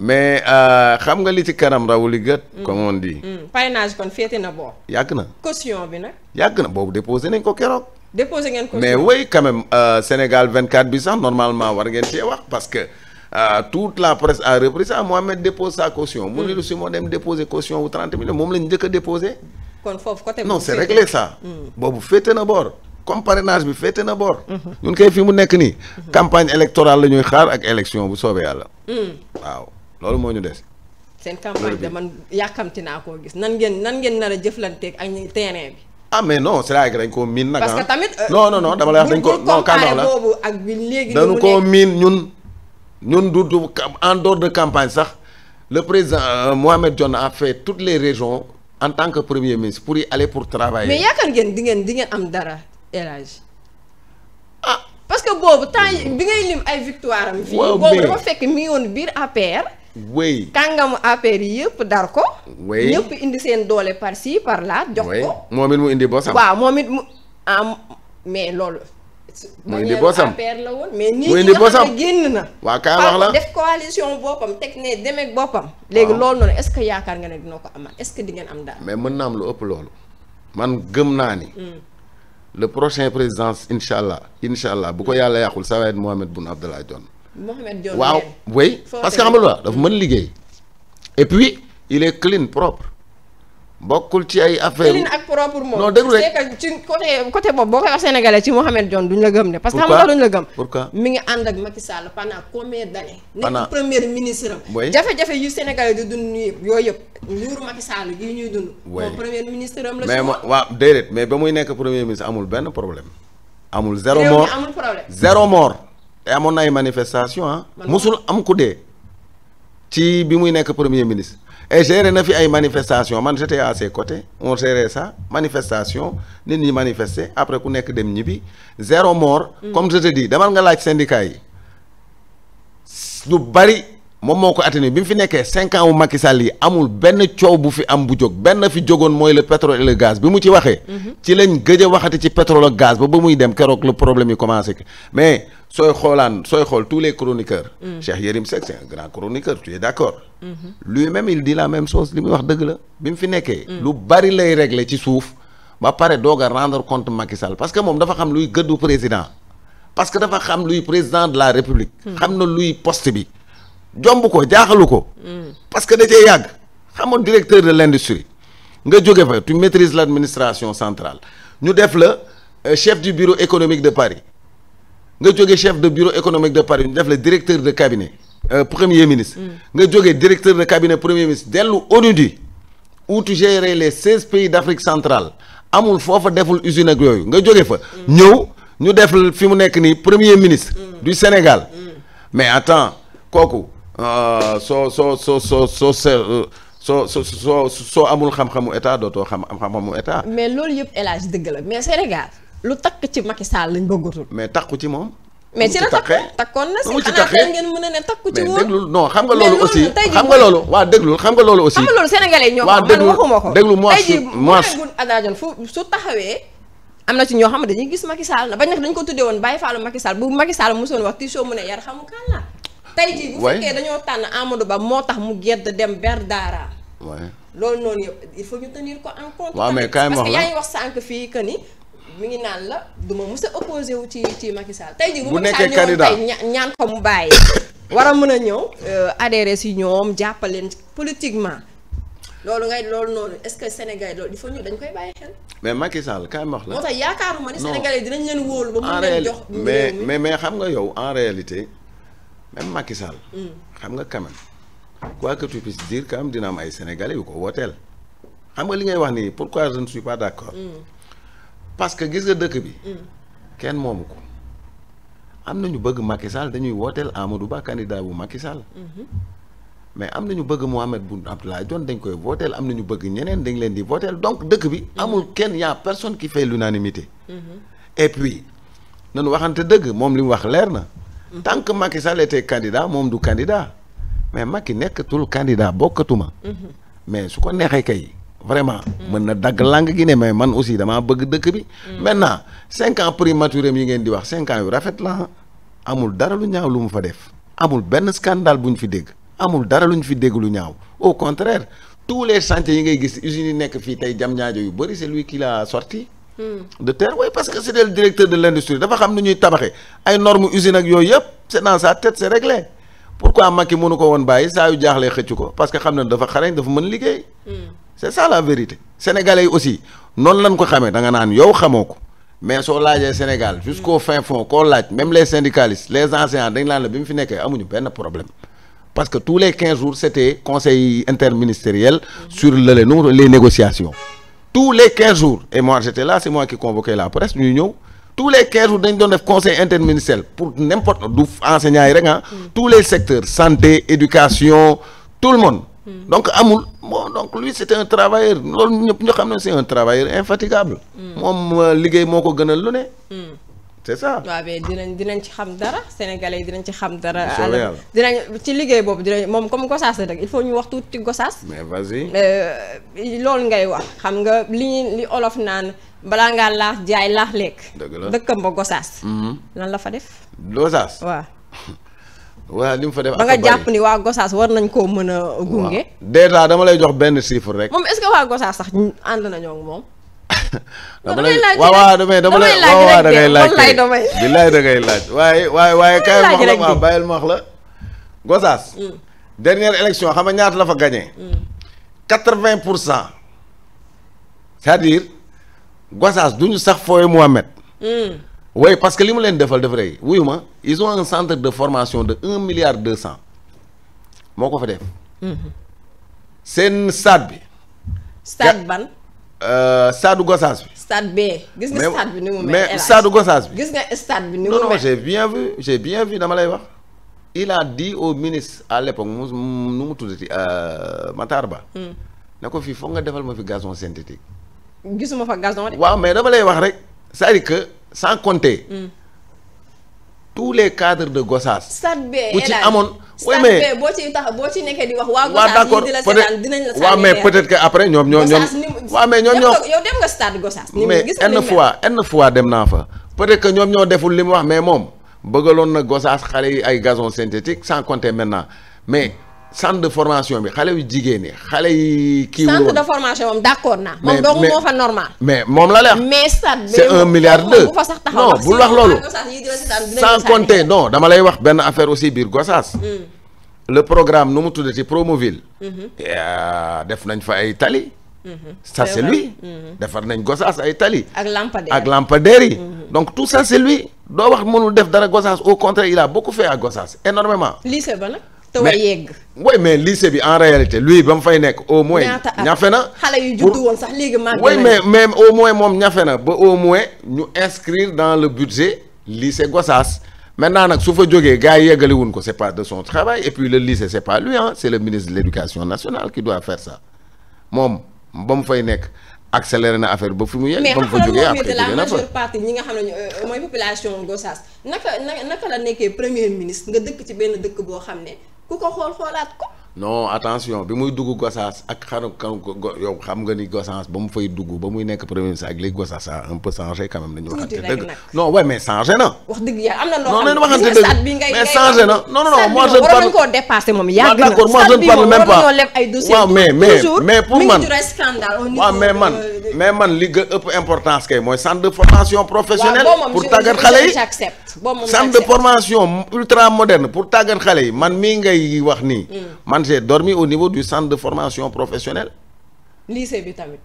mais euh, xam nga li ci kanam raw li gët. Mm. comme on dit. Mm, parrainage kon féete na boor. yàgg na caution bi na yàgg na boobu déposé nañ ko keroog. déposé ngeen caution mais oui quand même euh, Sénégal 24 bi sax normalement war ngeen cee wax parce que euh, toute la presse a repris ça Mohamed dépose sa caution. mu mm. si moo dem déposé caution wu 30 millions moom la ñu njëkk a foofu côté. non c'est réglé boobu féete na boor. comme parrainage bi féete na boor. ñun kay fi mu nekk nii. campagne électorale la ñuy xaar ak élection bu soobee yàlla. Hmm. waaw loolu moo ñu des. seen campagne de yàkkamti naa koo gis nan ngeen nan ngeen nar a jëflanteeg ak ñi terrain bi. ah mais non c'est vrai que dañ koo miin nag parce que ah. tamit. Euh, non dama lay wax dañ koo miin ñun ñun du du en dehors de campagne sax le président euh, Mohamed Dionne a fait toutes les régions en tant que premier ministre pour y aller pour travailler. mais yaakaar ngeen élage ah parce que boobu temps bi ngay lim ay victoire am fii boobu dafa fekk mi ngi biir APR oui kàngamu affaire yi yëpp dar ko. oui ñëpp indi seen doole par si par là jox ko. moom it mu indi boosam. waaw moom it mu ah mais loolu. mu indi boosam affaire la woon mais. mu indi boosam nii génn na. waaw kaay wax la def coalition boppam teg ne demeeg boppam. léegi loolu noonu est-ce que yaakaar nga ne dina ko amaat est-ce que di ngeen am daal. mais mën naa am lu ëpp loolu. le prochain présidence incha allah incha allah bu ko yàlla yàqul ça va être Mohamed Boun Abdallah Dionne. Mohamed Dionne waaw oui parce que xam nga lu dafa mën liggéey. et puis il est clean propre. bokkul ci ay affaire ak propre moom non déglu rek ci côté côté boobu boo koy wax sénégalais ci Mohamed Dionne duñ la gëm ne. parce que xam nga duñ la gëm. pourquoi mi ngi ànd ak Macky Sall pendant combien d'années. nekk premier ministre am. jafe-jafe yu yooyu yëpp. nguuru Macky Sall yi ñuy dund. moom premier ministre am mais ma waaw déedéet ba muy nekk premier ministre amul benn problème. amul zéro mort amul problème. zéro mort. te amoon na manifestation manifestations ah. am ku dee. ci bi muy nekk premier ministre. et géré na fi ay manifestation man j'étais à ses côtés on gérait ça manifestation nit ñi manifester après ku nekk dem ñibbi zéro mort. Mm. comme je te dis demal nga laaj syndicat yi lu bari moom moo ko atténué bi mu fi nekkee cinq ans wu Macky Sall yi amul benn coow bu fi am bu jóg benn fi jógoon mooy le pétrole et gaz bi mu ci waxee. Mm-hmm. ci lañ gëj waxati ci pétrole ak gaz ba ba muy dem keroog la problème yi commencé mais. sooy xoolaan sooy xool tous les chroniqueurs. Mm. Cheikh Yérim Seck c'est un grand chroniqueur tu es d'accord. Mm-hmm. lui-même il dit la même chose li muy wax dëgg la bi mu fi nekkee. Mm. lu bari lay régler ci suuf. ba pare doog a rendre compte Macky Sall parce que moom dafa xam luy gëddu président parce que dafa xam luy président de la république. Mm. xam na luy post bi. jomb ko jaaxalu ko. parce que da cee yàgg. xamoon directeur de l'industrie nga jóge fa tu maîtrises l'administration centrale ñu def la euh, chef du bureau économique de Paris. nga jógee chef de bureau économique de Paris ñu def la directeur de cabinet euh, premier ministre. nga jógee directeur de cabinet premier ministre dellu ONUDI di tu gérer les seize pays d' Afrique centrale amul foofa deful usine ak yooyu nga jóge fa. ñëw ñu def fi mu nekk nii premier ministre. du Sénégal. mais à temps kooku euh, soo soo soo soo soo soo soo soo soo amul xam-xamu état dootoo xam xam-xamu état. mais loolu yëpp El Hadj dëgg la mais Sénégal. lu takk ci Macky Sall lañ bëggatul. mais takku ci moom. mais ci la takk takkoon na si xanaa tey ngeen mën a ne takku ci woon. mais déglul non xam nga loolu aussi ci ñoo xam ne dañuy gis Macky Sall na bañ nag dañu ko tuddee woon bàyyi faalu Macky Sall bu Macky Sall mosoon wax tiisoo mu ne yar xamu kan la. tey jii fekkee dañoo tànn Amadou Ba moo tax mu gedd dem ber daara. loolu noonu il faut ñu tenir ko en compte. waaw mais kaay ma wax la mi ngi naan la du ma mus a wu ci ci Macky Sall tey jii bu nekkee candidat tey ñaan ko mu bàyyi war a mën a ñëw euh, adhéré si ñoom jàppaleen politiquement loolu ngay loolu noonu est-ce que Sénégal loolu il faut ñu dañ koy bàyyi xel. mais Macky Sall kaay ma wax la. moo tax yaakaaruma ni Sénégalais dinañ leen wóolu. ba mu leen jox mais mais xam nga yow en réalité même Macky Sall. Hmm. xam nga quand même quoi que tu puisses dire quand dina am ay Sénégalais yu ko wooteel. xam nga li ngay wax nii pourquoi je ne suis pas d'accord. Hmm. parce que gis nga dëkk bi. Mm. kenn moomu ko. am na ñu bëgg Macky Sall dañuy wooteel Amadou Ba candidat bu Macky Sall. Mm-hmm. mais am na ñu bëgg Mohamed Boun Abdallah Dionne dañ koy wooteel am na ñu bëgg ñeneen dañ leen di wooteel donc dëkk bi. Mm-hmm. amul kenn yaa a personne qui fait l'unanimité mm-hmm. et puis nanu waxante dëgg moom li wax leer na. tant que Macky Sall était moom du candidat mais Macky nekkatul candidat bokkatuma. mais su ko neexee kay. vraiment mën na dagg langue gi ne mais man aussi damaa bëgg dëkk bi mm. maintenant cinq ans prématuré yi ngeen di wax cinq ans yu rafet la amul dara lu ñaaw lu mu fa def amul benn scandale bu ñu fi dégg amul dara lu ñu fi dégg lu ñaaw au contraire tous les chantiers yi ngay gis usine yi nekk fii tey jam ñaajo yu bëri c'est lui qui l'a sorti mm. de terre way parce que c'est le directeur de l'industrie dafa xam ni ñuy tabaxee ay normes usines ak yooyu yëpp c'est dans sa tête c'est réglé pourquoi Macky mënu ko woon bàyyi saa yu jaaxlee xëcc ko parce que xam ne dafa xarañ dafa mën liggéey mm. c'est ça la vérité sénégalais yi aussi noonu lañ ko xamee da nga naan yow xamoo ko mais soo laajee Sénégal jusqu'au fin fond koo laaj même les syndicalistes les enseignants dañ naan la bi mu fi nekkee amuñu benn problème parce que tous les quinze jours c'était conseil interministériel sur le non les négociations tous les quinze jours et moi j'étais là c'est moi qui convoquais la presse ñuy ñëw tous les quinze jours dañ doon def conseil interministériel pour n'importe du enseignants yi rek ah mm. les secteurs santé éducation tout le monde Hmm. donc amul bon donc lui c' est un travailleur loolu ñëpp ñu xam ne si est un travailleur infatigable. Hmm. moom euh, liggéey moo ko gënal lu ne. Hmm. c' est ça. waaw mais dinañ dinañ ci xam dara sénégalais yi dinañ ci xam dara. incha dinañ ci liggéey boobu dinañ moom comme Gossas rek il faut ñu wax tuuti Gossas. mais vas-y. Euh, loolu ngay wax xam nga li li olof naan balaa ngaa laax jaay laax lekk. dëgg la dëkkam ba Gossas. Mhm. lan la fa def. Gossas waaw. waaw li mu fa def ba nga jàpp ni waa Gosaas war nañ koo mën a gunge déjà dama lay jox benn chiffre rek moom est que waa Gosaas sax ànd nañoo ak moom dama lay waaw damay laaj billaay laaj waaye waaye waaye kay wax la waaw bàyyil ma la Gosaas mm. dernière élection xam nga ñaata la fa gagné mm. quatre pour cent c'est-à-dire Gosaas duñu sax fooy Mohamed mm. oui parce que li mu leen defal dafa rëy wuyu ma ils ont un centre de formation de un milliard deux cent moo ko fa def. Mm-hmm. seen stade bi. stade ban. Euh, stade Gossas bi. stade bee gis nga stade bi ni mu gis nga stade ni mu mel non bien vu j'ai bien vu dama lay wax. il a dit au ministre à l'époque mu nu mu tuddati euh, Matar Ba. Hmm. ne ko fii foog nga defal ma fi gazon synthétique. gisuma fa gazon waaw mais dama lay wax rek sans compter. tous les cadres de Gossas. stade bee ku ci amoon. oui mais boo ciy boo ci nekkee di wax. waa Gossas ñii di dinañ la. waaw mais peut-être que après ñoom ñoo ñoom. waaw mais ñoom ñoo yow dem nga stade Gossas. ni mais une fois une fois dem naa fa. peut que ñoom ñoo deful li mu wax mais moom bëggaloon na Gossas xale yi ay gason synthétique sans compter maintenant mais. centre de formation bi xale yu jigéen ñi xale yi. kii centre de formation moom d' accord naa. moom dong moo fa normal. mais moom la la mais stade c' est un milliard deux non bul wax loolu. sans compter non dama lay wax benn affaire aussi biir Gossas. Mm. le programme nu mu tuddee ci Promoville. Mm-hmm. def nañ fa ay tali. Mm-hmm. ça c' est lui. Mm-hmm. defar nañ Gossas ay tali. ak lampadaire ak lampadaire yi. donc tout ça c' est doo wax mënul def dara Gossas au contraire il a beaucoup fait à te war a yegg. oui mais lycée bi en réalité lui ba mu fay nekk au moins. ñafe na xale yu juddu woon moom ñafe na ba au moins ñu inscrire dans le budget lycée Gossas maintenant nag su fa jógee gars yi yeggali wuñ ko c'est pas de son travail et puis le lycée c'est lui ah c'est le ministre de l'éducation nationale qui doit faire ça moom ba mu fay nekk. accéléré na affaire ba fi mu yegg. ba mu fa jógee après la majeure partie ñi nga xam ne euh, mooy population Gossas naka naka la nekkee premier ministre nga dëkk ci benn xam ne. ku ko xool xoolaat ko. non attention bi muy dugg Gossas ak xanu kan yow xam nga ni Gossas ba mu fay dugg ba muy nekk premier ministre ak léegi Gossas a un peu changé quand nañu waxante dëgg non ouais mais changé na wax dëgg yàlla am na loo xam ne waxante mais changé na non non non moi je ne waaw mais mais mais pour man waaw mais man mais man li gën ëpp importance kay mooy centre de formation professionnelle. pour tàggat xale yi centre de formation ultra moderne pour tàggat xale yi man mii ngay wax ni mm. man j'ai dormi au niveau du centre de formation professionnelle. lycée bi tamit.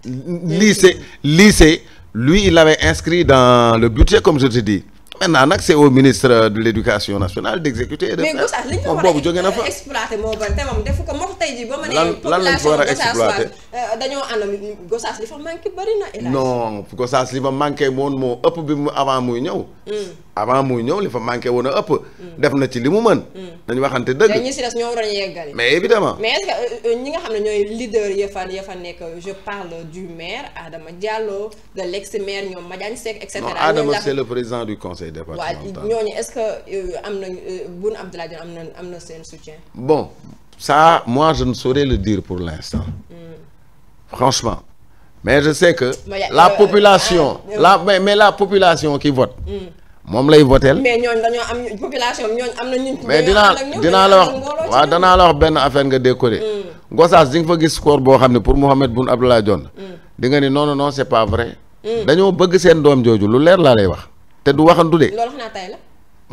lycée lycée lui il avait inscrit dans le budget comme je te dis. maintenant nag c'est au ministre de l'éducation nationale d'exécuter. mais Gossas li ñu fa war a exploité moo bëri te moom defu ko moo ko tey jii ba ma nee population Gossas euh, dañoo ànd Gossas li fa manqué bëri na. non Gossas li moo ëpp bi mu avant muy ñëw. Hmm. avant muy ñëw li fa manqué woon ëpp. Hmm. def na ci li mu mën. Hmm. nañu waxante dëgg. dañuy si des ñoo waroon yeggali. mais évidemment mais euh, euh, ñi nga xam ne ñooy leader ya fa ya fa nekk je parle du maire Adama Diallo l'ex-maire ñoom Madiagne Seck conseil départemental waaw ñooñu est que euh, am na euh, Boun Abdallah Dionne am na na seen soutien. bon ça mois je ne saurais le diir pour l'instant hmm. franchement mais je sais que. la euh, population ah, la mais la population qui vote. Hmm. moom lay votel mais ñooñu dañoo am mais dinaa dinaa la wax waaw danaa la wax benn affaire nga décoder. Hmm. Gossas di nga fa gis score boo xam ne pour Mouhamed Boun Abdallah Dionne. di nga ni non non non c'est pas vrai. dañoo bëgg seen doom jooju lu leer laa lay wax. te du waxantu de.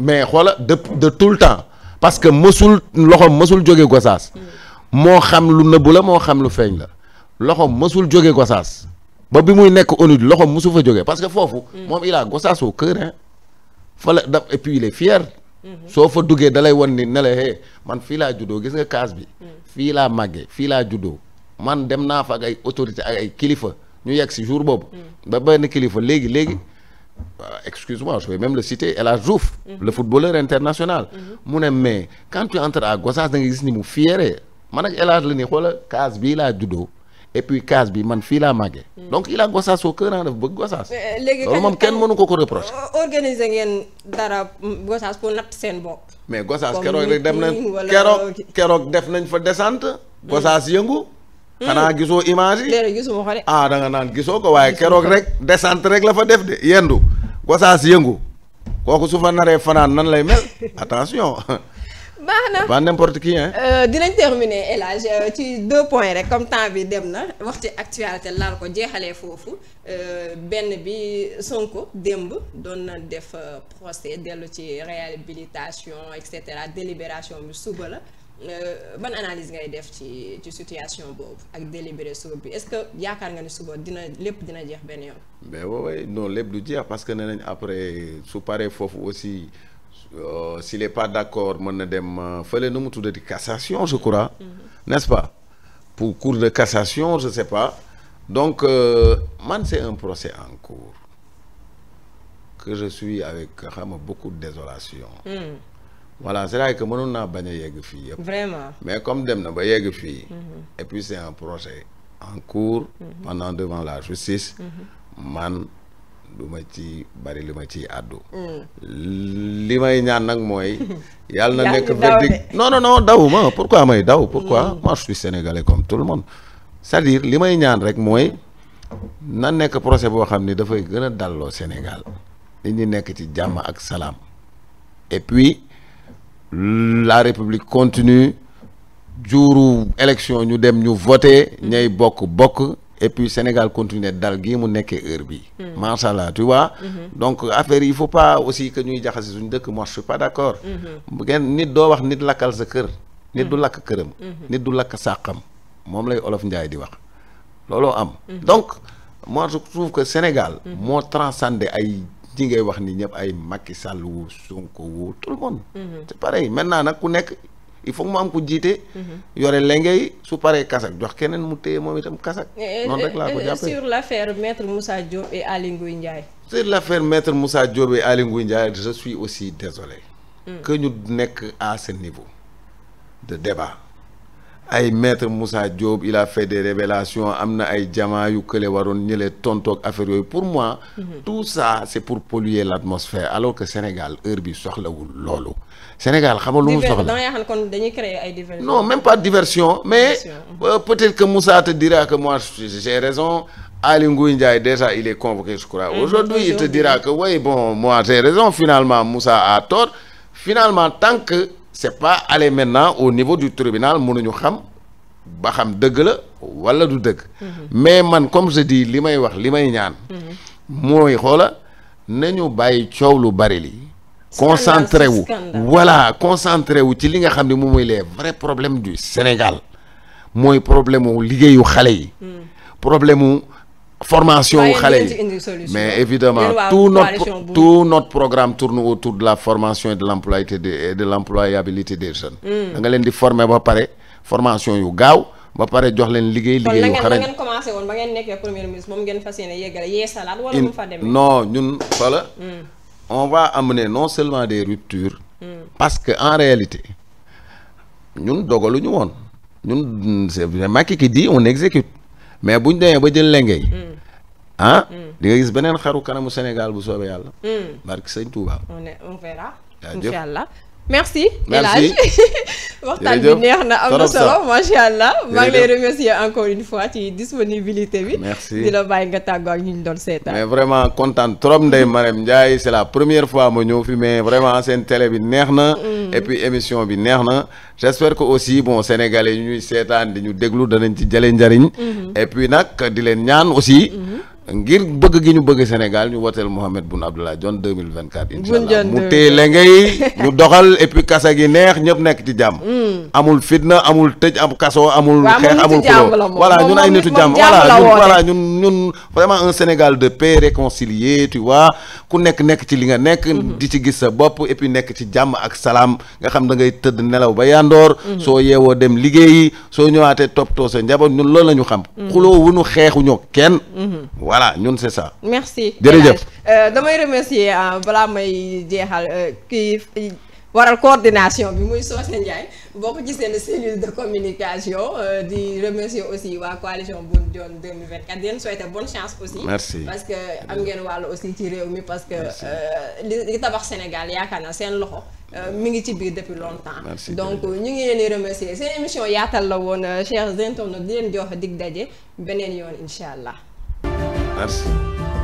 mais xoola de de tout le temps parce que mësul loxo mësul jóge Gosaas. Mm. moo xam lu nëbbu la moo xam lu feeñ la loxoom mësul jóge Gosaas ba bi muy nekk ONU loxo mësu fa jóge parce que foofu. Mm. moom il a Gosaas au cœur hein fa la da et fier. Mm-hmm. soo fa duggee dalay lay wan ni ne man fii laa juddoo gis nga kaas bi. Mm. fii laa màggee fii laa juddoo man dem naa fa ak ay autorité ak ay kilifa ñu yegg si jour boobu. ba benn kilifa léegi léegi. Euh, excuse-moi je vais même le citer El Hadj Diouf mhm. le footballeur international mhm. mu ne mais quand tu entres à Gossas da nga gis ni mu fiere man ak El la ni xoola case bii laa juddoo et puis case bi man fii laa màggee mhm. donc il a Gossas au cœur dafa bëgg Gossas euh, léegi loolu moom kenn mënu ko ko reprocher organiser ngeen dara mm, Gossas pour natt seen bopp mais Gossas keroog rek dem nañ keroog keroog def nañ fa descente Gossas yëngu Mm. xanaa gisoo image yi. léegi gisuma ah, naan gisoo ko waaye keroog rek descente rek la fa def de yendu gosaas yëngu kooku su fa naree fanaan nan lay mel attention. baax na pas n'importe qui euh, dinañ terminer El euh, ci deux points rek comme temps bi dem na wax ci actualité laal ko jeexalee foofu euh, benn bi Sonko démb doon na def procès dellu ci réhabilitation et cetera délibération bi suba la. Euh, ban analyse ngay def ci ci situation boobu ak délibéré suba bi est-ce que yaakaar nga ni suba dina lépp dina jeex benn yoon. mais woowee non lépp du jeex parce que ne nañ après su paree foofu aussi euh, s'il est pas d'accord mën na dem euh, fële nu mu tuddati cassation je crois. Mm-hmm. n'est-ce pas pour cour de cassation je sais pas donc man c'est un procès en cours que je suis avec xam beaucoup de désolation. Mm. voilà c' est vrai que mënoon naa bañ a yegg fii yëpp. mais comme dem na ba yegg fii. Mhm. et puis c' un procès en cours. Mhm. la justice. Mhm. man du ma ci bari li ma ciy àddu. Mm. li may ñaan nag mooy. yàlla na nekk verdict non non non daw ma pourquoi may daw. pourquoi mm. moi je suis sénégalais comme tout le monde. sa dire li may ñaan rek mooy na nekk projet boo xam ni dafay gën a dalloo Sénégal nit ñi nekk ci jàmm ak salaam et puis. la république continue juuru élection ñu dem ñu voté ñay bokk bokk et puis Sénégal continue dal gii mu nekkee heure bi hmm. macha allah tu hmm. donc affaire yi il faut pas aussi que ñuy jaxase suñu dëkk moi je suis pas d' hmm. nit doo wax nit lakkal sa kër. nit du lakk këram. nit du lakk sàqam moom lay olof Njaay di wax looloo am. donc moi je trouve que Sénégal. moo transcendé ay. ñi ngay wax ni ñëpp ay Macky Sall wu Sonko wu tout le monde. Mhm. c'est pareil maintenant nag ku nekk il faut que mu am ku jiite. Mhm. yore lengay su paree kasak jox keneen mu téye moom itam kasak. Eh, eh, noonu rek laa ko eh, jàppee sur l'affaire maître Moussa Diop et Aly Ngouille Ndiaye. sur l'affaire maître Moussa Diop et Aly Ngouille Ndiaye je aussi désolé. Mm. que nekk à ce niveau de débat. ay maître Moussa Diop il a fait des révélations am na ay jamaa yu kële waroon ñële tontoog affaire yooyu pour moi mhm. tout ça c'est pour l l'atmosphère alors que Sénégal heure bi soxlawul loolu Sénégal xamal lu mu soxla non même pas diversion mais euh, peut-être que Moussa te dira que moi j'ai raison Ali Ngouille Ndiaye déjà il est convoqué je crois mhm, aujourd'hui il te dira que oui bon moi j'ai raison finalement Moussa a tort finalement tant que c'est pas aller maintenant au niveau du tribunal ñu xam ba xam dëgg la wala du dëgg. Mhm. mais man comme je li may wax li may ñaan. Mhm. mooy xoola nañu bàyyi coow lu bari li concentré wu voilà concentré wu ci li nga xam ne moom mooy les vrais problème du Sénégal mooy problème wu liggéeyu xale yi. Mhm. problème formation wu xale yi mais évidemment tout notre tout notre programme tourne autour de la formation et de l'employabilité de de l'employabilité des jeunes hmm. nga leen di former ba pare formation yu gaaw ba pare jox leen liggéey liggéey yu xarañ ngeen commencé woon ba ngeen nekkee premier non ñun voilà hmm. on va amener non seulement des ruptures hmm. parce que en réalité ñun dogaluñu woon ñun c'est Macky qui dit on exécute mais bu ñu demee ba jël lenge yi mm. ah mm. di gis beneen xaru kanamu Sénégal bu soobee yàlla mm. barki sëñ Touba on verra incha merci El Hadj waxtaan bi neex na am na solo macha allah maa ngi lay remercier encore une fois ci disponibilité bi. merci di la bàyyi nga tàggoo ak ñu ñu doon seetaan. mais vraiment kontaan trop Ndeye Marème Ndiaye c'est la première fois ma ñëw fi mais vraiment seen télé bi neex na. Mm. et émission bi neex na. j'espère que aussi bon sénégale yi ñuy seetaan di ñu déglu danañ ci jëlee njariñ. Mm-hmm. et puis nag di leen ñaan aussi. Mm-hmm. ngir bëgg gi ñu bëgg Sénégal ñu woteel Mohamed Boun Abdallah Dionne 2024 inchaallah mu téye la ngay ñu doxal et kasa gi neex ñëpp nekk ci jàmm mm. amul fitna amul tëj am kaso amul xeex amul xuloo nitu jàmm voilà ñun voilà Sénégal de paix réconcilié tu ku nekk nekk ci li nga nekk mm-hmm. di ci gis sa bopp et nekk ci jàmm ak salaam nga xam da ngay tëdd nelaw ba yandoor mm-hmm. soo yeewoo dem liggéey soo ñëwaatee toppatoo sa njaboot ñun loolu la ñu xam mm-hmm. xuloo wuñu xeexuñu kenn voilà ñun c'est saa merci jërëjëf euh, damay remercier euh, balaa may jeexal euh, kii. waral coordination bi muy Socé Ndiaye boo ko gisee ne cellule de communication di remercier aussi waa coalition Bonne Dionne 2024 di leen souhaiter bonne chance aussi. merci parce que am ngeen wàll aussi ci réew mi parce que. li tabax Sénégal yaakaar na seen loxo mi ngi ci biir depuis longtemps. donc ñu ngi leen di remercier seen émission yaatal la woon chers internautes di leen jox dig daje beneen yoon allah. Merci.